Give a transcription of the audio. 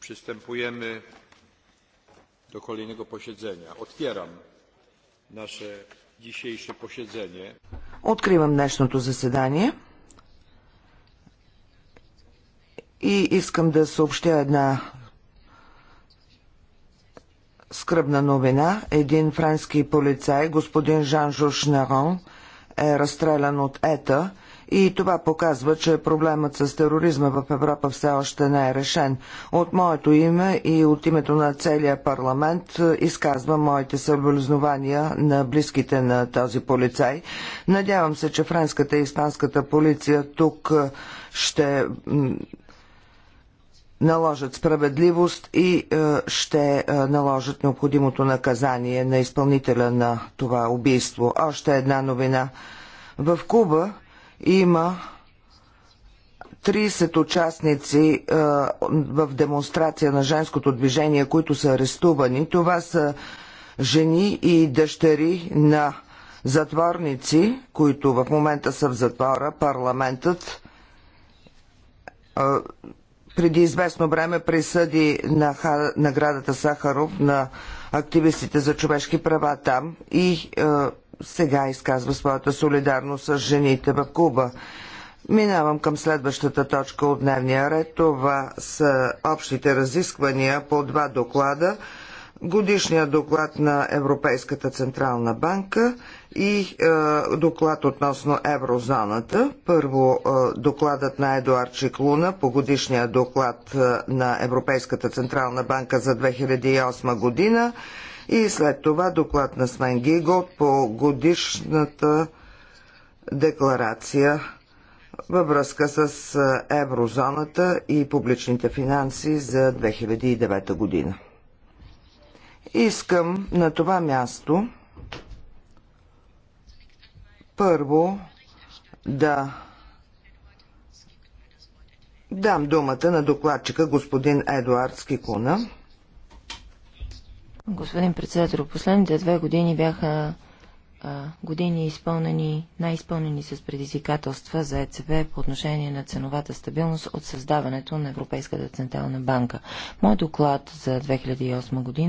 przystępujemy do kolejnego posiedzenia. Otwieram nasze dzisiejsze posiedzenie. Откривам днешното заседание и искам да съобщя една скръбна новина. Един френски полицай, господин Жан Нарон, е разстрелян от ЕТА и това показва, че проблемът с тероризма в Европа все още не е решен. От моето име и от името на целия парламент е, изказвам моите съболезнования на близките на този полицай. Надявам се, че френската и испанската полиция тук е, ще наложат справедливост и е, ще е, наложат необходимото наказание на изпълнителя на това убийство. Още една новина. В Куба има 30 участници е, в демонстрация на женското движение, които са арестувани. Това са жени и дъщери на затворници, които в момента са в затвора. Парламентът преди известно време присъди на Ха... наградата Сахаров на активистите за човешки права там и е, сега изказва своята солидарност с жените в Куба. Минавам към следващата точка от дневния ред. Това са общите разисквания по два доклада годишния доклад на Европейската Централна банка и е, доклад относно еврозоната. Първо е, докладът на Едуард Чиклуна по годишния доклад е, на Европейската Централна банка за 2008 година и след това доклад на Смен Гигот по годишната декларация във връзка с е, еврозоната и публичните финанси за 2009 година. Искам на това място първо да дам думата на докладчика господин Едуард Скикуна. Господин председател, последните две години бяха а, години изпълнени, най-изпълнени с предизвикателства за ЕЦБ по отношение на ценовата стабилност от създаването на Европейската централна банка. Мой доклад за 2008 година